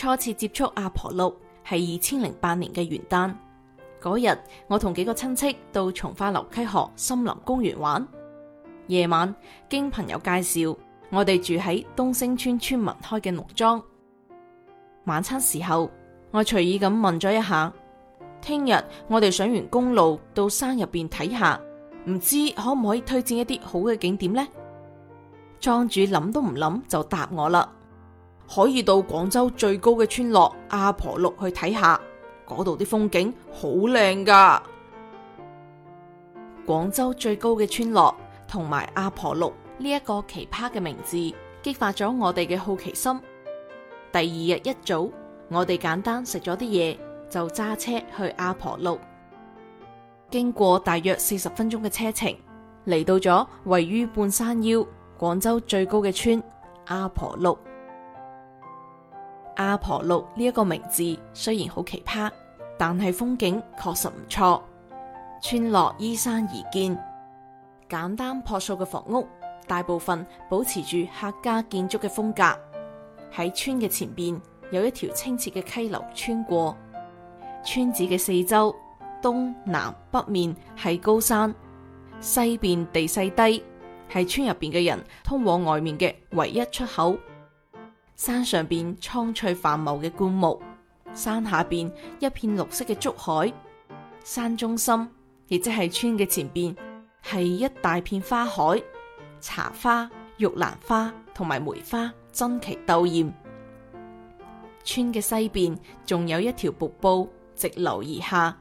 初次接觸阿婆六係二千零八年嘅元旦嗰日，我同幾個親戚到從化流溪河森林公園玩。夜晚經朋友介紹，我哋住喺東升村村民開嘅農莊。晚餐時候，我隨意咁問咗一下：「聽日我哋上完公路到山入邊睇下，唔知可唔可以推薦一啲好嘅景點呢？」莊主諗都唔諗就答我啦。可以到廣州最高嘅村落阿婆六去睇下，嗰度啲風景好靚㗎。廣州最高嘅村落同埋阿婆六呢一個奇葩嘅名字，激發咗我哋嘅好奇心。第二日一早，我哋簡單食咗啲嘢，就揸車去阿婆六。經過大約四十分鐘嘅車程，嚟到咗位於半山腰廣州最高嘅村阿婆六。阿婆六呢一個名字雖然好奇葩，但係風景確實唔錯。村落依山而建，簡單樸素嘅房屋，大部分保持住客家建築嘅風格。喺村嘅前邊有一條清澈嘅溪流穿過。村子嘅四周，東南北面係高山，西邊地勢低，係村入邊嘅人通往外面嘅唯一出口。山上邊蒼翠繁茂嘅灌木，山下邊一片綠色嘅竹海，山中心亦即係村嘅前邊係一大片花海，茶花、玉蘭花同埋梅花爭奇鬥艷。村嘅西邊仲有一條瀑布，直流而下。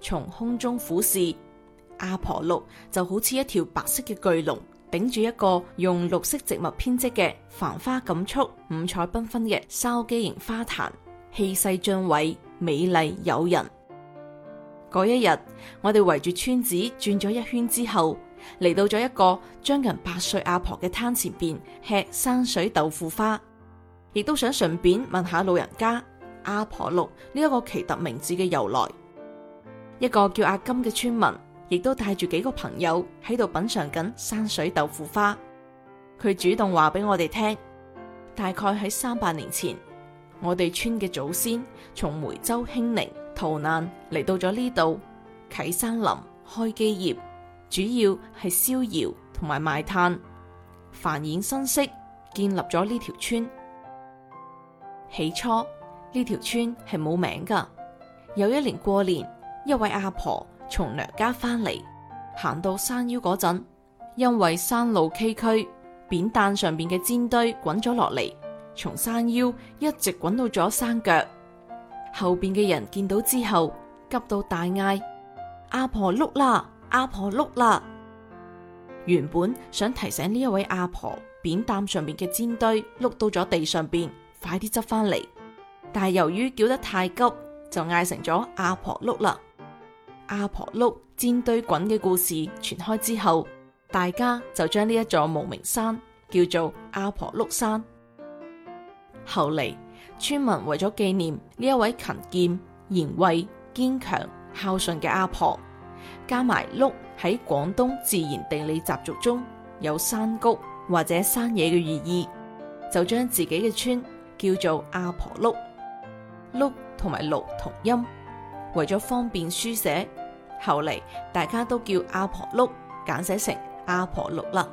從空中俯視，阿婆六就好似一條白色嘅巨龍。頂住一個用綠色植物編織嘅，繁花錦簇、五彩繽紛嘅筲箕型花壇，氣勢壯偉、美麗誘人。嗰一日，我哋圍住村子轉咗一圈之後，嚟到咗一個將近八歲阿婆嘅攤前邊吃山水豆腐花，亦都想順便問下老人家阿婆六呢一個奇特名字嘅由來。一個叫阿金嘅村民。亦都帶住幾個朋友喺度品嘗緊山水豆腐花。佢主動話俾我哋聽，大概喺三百年前，我哋村嘅祖先從梅州興寧逃難嚟到咗呢度，啟山林開基業，主要係燒窯同埋賣炭，繁衍生息，建立咗呢條村。起初呢條村係冇名噶。有一年過年，一位阿婆。從娘家翻嚟，行到山腰嗰陣，因為山路崎嶇，扁擔上邊嘅煎堆滾咗落嚟，從山腰一直滾到咗山腳。後邊嘅人見到之後，急到大嗌：阿婆碌啦！阿婆碌啦！原本想提醒呢一位阿婆，扁擔上面嘅煎堆碌到咗地上邊，快啲執翻嚟。但係由於叫得太急，就嗌成咗阿婆碌啦。阿婆碌煎堆滾嘅故事傳開之後，大家就將呢一座無名山叫做阿婆碌山。後嚟村民為咗紀念呢一位勤儉賢惠、堅強孝順嘅阿婆，加埋碌喺廣東自然地理習俗中有山谷或者山野嘅寓意，就將自己嘅村叫做阿婆六。六同埋碌同音。為咗方便書寫，後嚟，大家都叫阿婆碌，簡寫成阿婆六啦。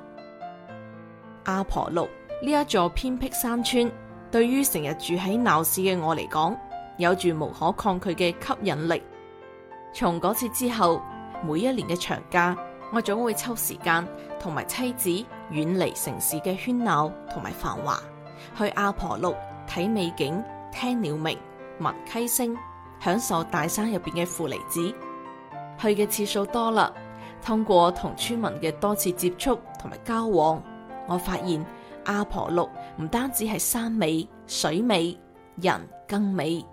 阿婆六呢一座偏僻山村，對於成日住喺鬧市嘅我嚟講，有住無可抗拒嘅吸引力。從嗰次之後，每一年嘅長假，我總會抽時間同埋妻子遠離城市嘅喧鬧同埋繁華，去阿婆六睇美景、聽鳥鳴、聞溪聲。享受大山入邊嘅負離子，去嘅次數多啦。通過同村民嘅多次接觸同埋交往，我發現阿婆六唔單止係山美、水美，人更美。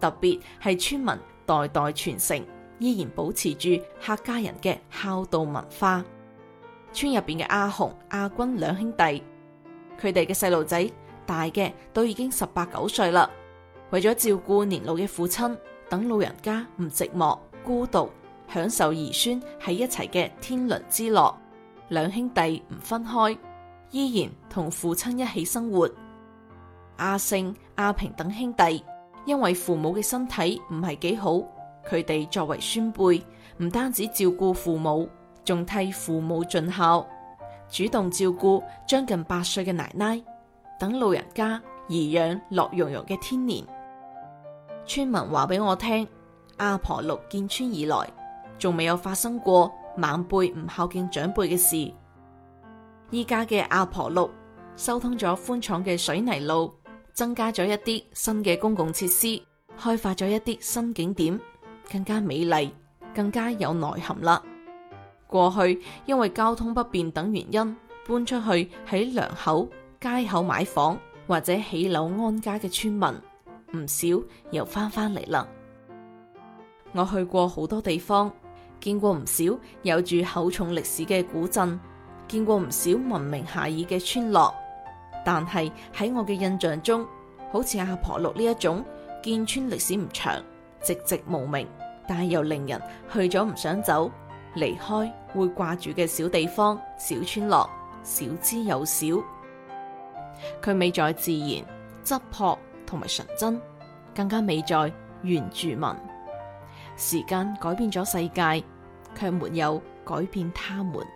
特別係村民代代傳承，依然保持住客家人嘅孝道文化。村入邊嘅阿紅、阿軍兩兄弟，佢哋嘅細路仔大嘅都已經十八九歲啦。為咗照顧年老嘅父親，等老人家唔寂寞孤獨，享受兒孫喺一齊嘅天倫之樂，兩兄弟唔分開，依然同父親一起生活。阿勝、阿平等兄弟因為父母嘅身體唔係幾好，佢哋作為孫輩，唔單止照顧父母，仲替父母盡孝，主動照顧將近八歲嘅奶奶，等老人家頤養樂融融嘅天年。村民話俾我聽：阿婆六建村以來，仲未有發生過晚輩唔孝敬長輩嘅事。依家嘅阿婆六，修通咗寬敞嘅水泥路，增加咗一啲新嘅公共設施，開發咗一啲新景點，更加美麗，更加有內涵啦。過去因為交通不便等原因，搬出去喺良口街口買房或者起樓安家嘅村民。唔少又翻返嚟啦！我去過好多地方，見過唔少有住厚重歷史嘅古鎮，見過唔少聞名遐邇嘅村落，但係喺我嘅印象中，好似阿婆六呢一種建村歷史唔長、籍籍無名，但係又令人去咗唔想走、離開會掛住嘅小地方、小村落，少之又少。佢美在自然質樸。同埋純真，更加美在原住民。時間改變咗世界，卻沒有改變他們。